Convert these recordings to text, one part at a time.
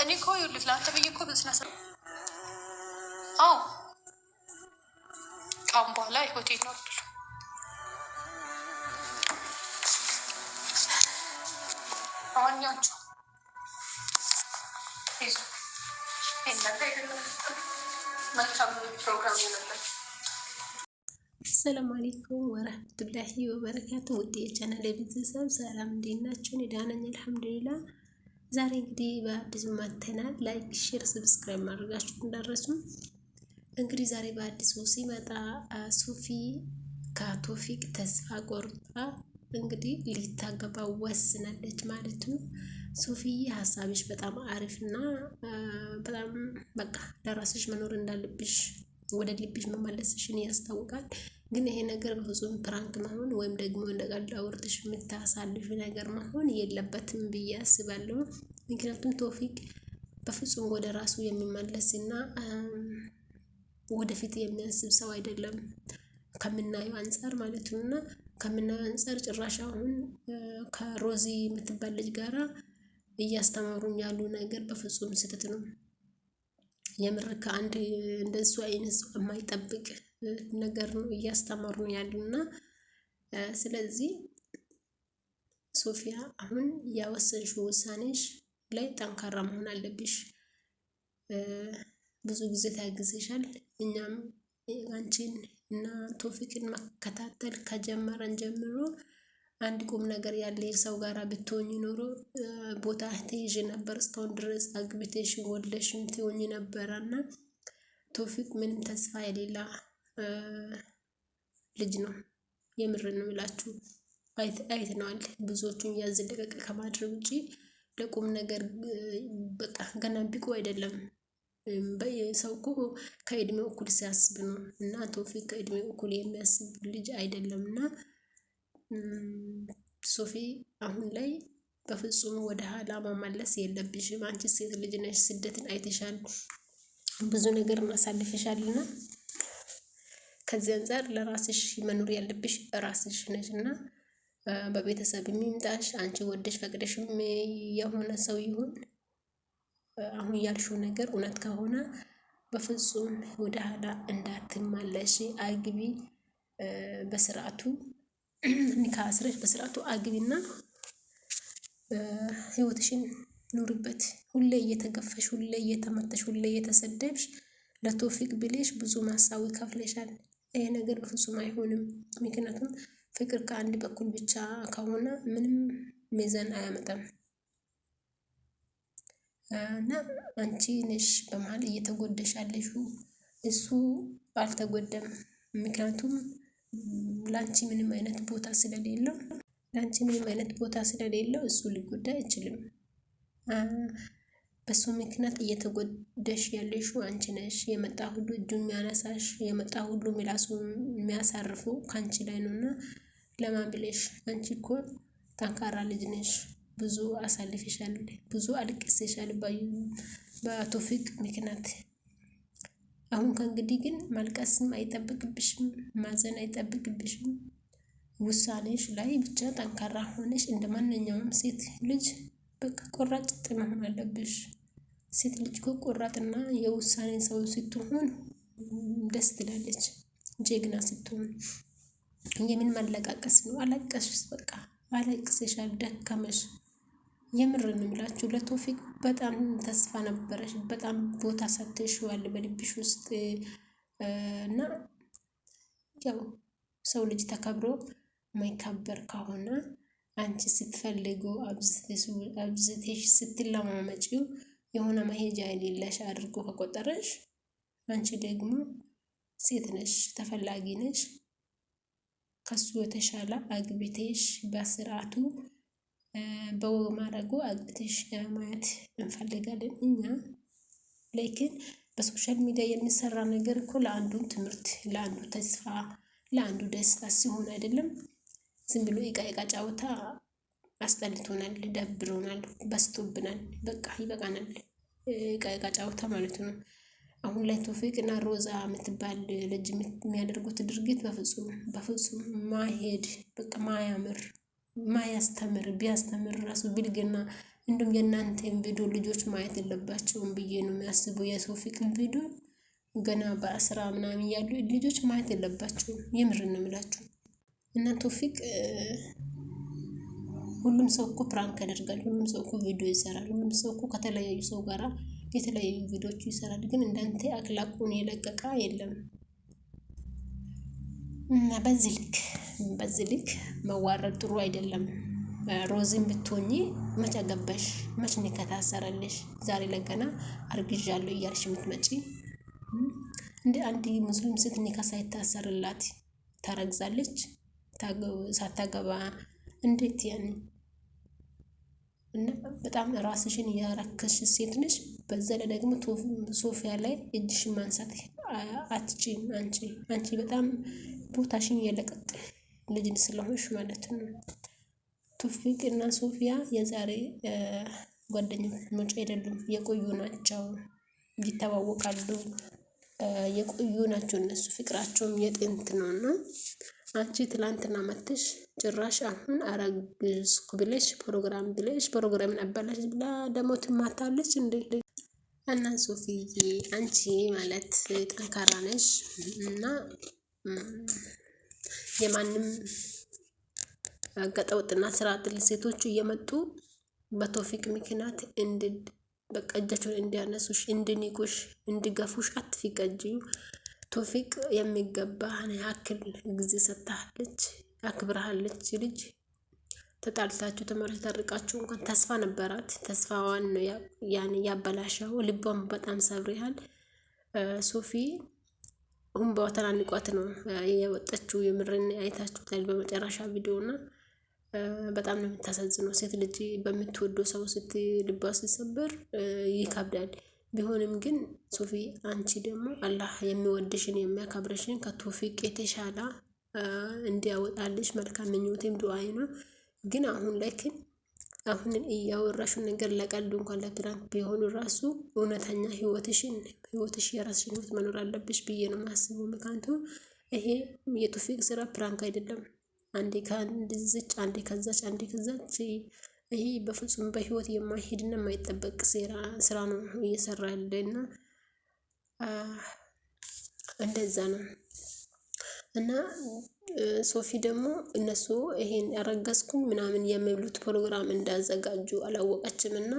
እኔ እኮ ይኸውልህ ለአንተ ብዬ እኮ በስነ ስርዓት አዎ፣ በኋላ ህይወቴ ነው መልካም ፕሮግራም ነበር። አሰላሙ አሌይኩም ወረህመቱላሂ ወበረካቱ። ውድ የቻናል የቤተሰብ ሰላም እንዴት ናችሁ? እኔ ደህና ነኝ አልሐምዱሊላ። ዛሬ እንግዲህ በአዲስ መተናል። ላይክ፣ ሼር፣ ሰብስክራይብ ማድረጋችሁ እንዳረሱ። እንግዲህ ዛሬ በአዲሱ ሲመጣ ሶፊ ከቶፊቅ ተስፋ ቆርጣ እንግዲህ ሊታገባ ወስናለች ማለት ነው። ሶፊዬ ሀሳብሽ በጣም አሪፍ እና በጣም በቃ ለራስሽ መኖር እንዳለብሽ ወደ ልብሽ መመለስሽን ያስታውቃል። ግን ይሄ ነገር በፍጹም ፕራንክ መሆን ወይም ደግሞ እንደ ቀልድ አውርተሽ የምታሳልፍ ነገር መሆን የለበትም ብዬ አስባለሁ። ምክንያቱም ቶፊቅ በፍጹም ወደ ራሱ የሚመለስ እና ወደፊት የሚያስብ ሰው አይደለም ከምናየው አንጻር ማለት ነው እና ከምናየው አንጻር ጭራሽ አሁን ከሮዚ የምትባል ልጅ ጋራ እያስተማሩን ያሉ ነገር በፍጹም ስህተት ነው። የምር ከአንድ እንደሱ አይነት ሰው የማይጠብቅ ነገር ነው እያስተማሩ ነው ያሉና፣ ስለዚህ ሶፊያ አሁን ያወሰንሽ ውሳኔሽ ላይ ጠንካራ መሆን አለብሽ። ብዙ ጊዜ ታግዝሻል። እኛም አንቺን እና ቶፊክን መከታተል ከጀመረን ጀምሮ አንድ ቁም ነገር ያለ ሰው ጋር ብትሆኝ ኖሮ ቦታ ትይዥ ነበር። እስካሁን ድረስ አግብተሽም ወልደሽም ትሆኝ ነበረና ቶፊቅ ምንም ተስፋ የሌላ ልጅ ነው። የምር ነው የምላችሁ። አይተነዋል። ብዙዎቹን ያዝ ከማድረግ ውጪ ለቁም ነገር በቃ ገና ቢቁ አይደለም። ሰው እኮ ከእድሜው እኩል ሲያስብ ነው እና ቶፊቅ ከእድሜው እኩል የሚያስብ ልጅ አይደለም እና ሶፊ አሁን ላይ በፍጹም ወደ ኋላ መመለስ የለብሽም። አንቺ ሴት ልጅ ነሽ፣ ስደትን አይተሻል፣ ብዙ ነገር እናሳልፈሻልና ከዚህ አንጻር ለራስሽ መኖር ያለብሽ ራስሽ ነሽ እና በቤተሰብ የሚምጣሽ አንቺ ወደሽ ፈቅደሽም የሆነ ሰው ይሁን አሁን ያልሽው ነገር እውነት ከሆነ በፍጹም ወደ ኋላ እንዳትመለሽ፣ አግቢ በስርዓቱ ኒካ አስረሽ በስርዓቱ አግቢና ህይወትሽን ኑሪበት። ሁሌ እየተገፈሽ፣ ሁሌ እየተመተሽ፣ ሁሌ እየተሰደብሽ ለቶፊቅ ብልሽ ብዙ ማሳዊ ከፍለሻል። ይሄ ነገር በፍጹም አይሆንም። ምክንያቱም ፍቅር ከአንድ በኩል ብቻ ከሆነ ምንም ሚዛን አያመጣም። እና አንቺ ነሽ በመሀል እየተጎደሻለሽ፣ እሱ አልተጎደም። ምክንያቱም ላንቺ ምንም አይነት ቦታ ስለሌለው ላንቺ ምንም አይነት ቦታ ስለሌለው እሱ ሊጎዳ አይችልም። በሱ ምክንያት እየተጎደሽ ያለሽ አንቺ ነሽ። የመጣ ሁሉ እጁ የሚያነሳሽ የመጣ ሁሉ ምላሱ የሚያሳርፉ ከአንቺ ላይ ነው። እና ለማን ብለሽ አንቺ እኮ ጠንካራ ልጅ ነሽ። ብዙ አሳልፈሻል፣ ብዙ በአቶ ፊቅ ምክንያት አሁን ከእንግዲህ ግን ማልቀስም አይጠብቅብሽም፣ ማዘን አይጠብቅብሽም። ውሳኔሽ ላይ ብቻ ጠንካራ ሆነሽ እንደ ማንኛውም ሴት ልጅ በቃ ቆራጥ መሆን አለብሽ። ሴት ልጅ ኮ ቆራጥና የውሳኔ ሰው ስትሆን ደስ ትላለች። ጀግና ስትሆን የምን ማለቃቀስ ነው? አለቀስሽ፣ በቃ አለቅሰሻል፣ ደከመሽ። የምር እንምላችሁ ለቶፊቅ በጣም ተስፋ ነበረች በጣም ቦታ ሰጥተሽዋል በልብሽ ውስጥ እና ያው ሰው ልጅ ተከብሮ ማይከበር ከሆነ አንቺ ስትፈልጉ አብዝቴሽ ስትለማመጪው የሆነ መሄጃ የሌለሽ አድርጎ ከቆጠረሽ፣ አንቺ ደግሞ ሴት ነሽ፣ ተፈላጊ ነሽ። ከሱ የተሻለ አግብቴሽ በስርዓቱ በወግ ማድረጉ አግብተሽ ማየት እንፈልጋለን። እኛ ላይክን በሶሻል ሚዲያ የሚሰራ ነገር እኮ ለአንዱም ትምህርት ለአንዱ ተስፋ ለአንዱ ደስታ ሲሆን አይደለም። ዝም ብሎ እቃ እቃ ጫወታ አስጠልቶናል፣ ደብሮናል፣ በስቶብናል። በቃ ይበቃናል። እቃ እቃ ጫወታ ማለት ነው። አሁን ላይ ቶፊቅ እና ሮዛ የምትባል ልጅ የሚያደርጉት ድርጊት በፍጹም በፍጹም ማሄድ በቃ ማያምር ማያስተምር ቢያስተምር ራሱ ብልግና እንዲሁም የእናንተን ቪዲዮ ልጆች ማየት የለባቸውም ብዬ ነው የሚያስቡ የቶፊቅን ቪዲዮ ገና በአስራ ምናምን ያሉ ልጆች ማየት የለባቸውም። የምር ነው የምላችሁ። እና ቶፊቅ ሁሉም ሰው እኮ ፕራንክ ያደርጋል። ሁሉም ሰው እኮ ቪዲዮ ይሰራል። ሁሉም ሰው እኮ ከተለያዩ ሰው ጋራ የተለያዩ ቪዲዮቹ ይሰራል። ግን እንዳንተ አክላቁን የለቀቀ የለም እና በዚህ ልክ በዚህ ልክ መዋረድ ጥሩ አይደለም። ሮዝም ብትሆኚ መች አገባሽ? መች ነው ከታሰረልሽ? ዛሬ ለገና አርግዣለሁ እያልሽ የምትመጪ እንደ አንድ ሙስሊም ሴት ኒካ ሳይታሰርላት ታረግዛለች ሳታገባ እንዴት ያን እና በጣም ራስሽን እያረከሽ ሴት ነሽ። በዛ ላይ ደግሞ ሶፊያ ላይ እጅሽን ማንሳት አትችም። አንቺ አንቺ በጣም ቦታሽን እየለቀቅ ልጅ ስለሆንሽ ማለት ነው። ቱፊቅ እና ሶፊያ የዛሬ ጓደኞች አይደሉም፣ የቆዩ ናቸው። ይተዋወቃሉ፣ የቆዩ ናቸው። እነሱ ፍቅራቸውም የጥንት ነው እና አንቺ ትላንትና መተሽ ጭራሽ አሁን አረግዝኩ ብለሽ ፕሮግራም ብለሽ ፕሮግራምን አበላሽ ብላ ደግሞ ትማታለች እንዴ! እና ሶፊዬ አንቺ ማለት ጠንካራ ነሽ እና የማንም ገጠወጥና ስራ አጥል ሴቶቹ እየመጡ በቶፊቅ ምክንያት እንድ በቃ እጃቸውን እንዲያነሱሽ፣ እንድንቁሽ፣ እንድገፉሽ አትፊቀጅዩ። ቶፊቅ የሚገባ ያክል ጊዜ ሰጥታለች፣ አክብረሃለች። ልጅ ተጣልታችሁ ተመራች ታርቃችሁ እንኳን ተስፋ ነበራት። ተስፋዋን ያን ያበላሸው ልቧን በጣም ሰብሪያል ሶፊ ሁምባው ተናንቋት ነው የወጣችው። የምርን አይታችሁታል በመጨረሻ ቪዲዮ እና በጣም ነው የምታሳዝነው። ሴት ልጅ በምትወደው ሰው ስት ልባ ሲሰበር ይከብዳል። ቢሆንም ግን ሶፊ አንቺ ደግሞ አላህ የሚወድሽን የሚያከብርሽን ከቶፊቅ የተሻለ እንዲያወጣልሽ መልካም ምኞቴም ዱዓይ ነው። ግን አሁን ላይ ግን አሁን እያወራሽን ነገር ለቀልዱ እንኳን ለፕራንክ ቢሆኑ ራሱ እውነተኛ ህይወትሽን ህይወትሽ የራስሽን ህይወት መኖር አለብሽ ብዬ ነው ማስበው። ምክንያቱም ይሄ የቱፊቅ ስራ ፕራንክ አይደለም። አንዴ ከዚች አንዴ ከዛች አንዴ ከዛች፣ ይሄ በፍጹም በህይወት የማይሄድና የማይጠበቅ ስራ ነው እየሰራ ያለ እና እንደዛ ነው። እና ሶፊ ደግሞ እነሱ ይሄን ያረገዝኩኝ ምናምን የሚብሉት ፕሮግራም እንዳዘጋጁ አላወቀችም እና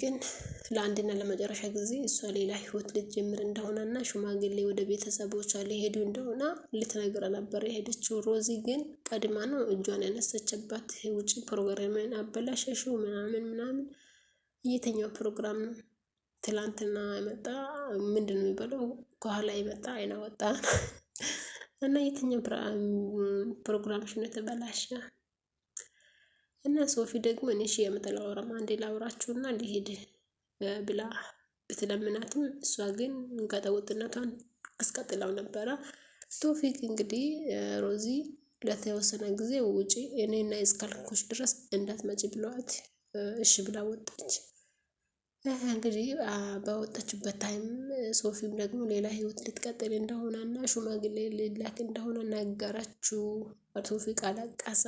ግን ለአንድና ለመጨረሻ ጊዜ እሷ ሌላ ህይወት ልትጀምር እንደሆነና ሽማግሌ ወደ ቤተሰቦቿ ሊሄዱ እንደሆነ ልትነግረ ነበር የሄደችው። ሮዚ ግን ቀድማ ነው እጇን ያነሰችባት። ውጭ ፕሮግራምን አበላሸሽው ምናምን ምናምን እየተኛው ፕሮግራም ነው። ትላንትና የመጣ ምንድን ነው የሚባለው ከኋላ የመጣ አይና ወጣ እና የትኛው ፕሮግራምሽ ነው የተበላሸ? እና ሶፊ ደግሞ እኔ እሺ የምጠላ ወረማ አንዴ እና ሊሄድ ብላ ብትለምናትም እሷ ግን ጋጠወጥነቷን አስቀጥላው ነበረ። ቶፊቅ እንግዲህ ሮዚ ለተወሰነ ጊዜ ውጪ እኔና የስካልኮች ድረስ እንዳትመጪ ብለዋት እሺ ብላ ወጣች። እንግዲህ በወጣችበት ታይም ሶፊም ደግሞ ሌላ ህይወት ልትቀጥል እና ሽማግሌ ልላክ እንደሆነ ነገራችሁ። ቶፊቅ አለቀሰ።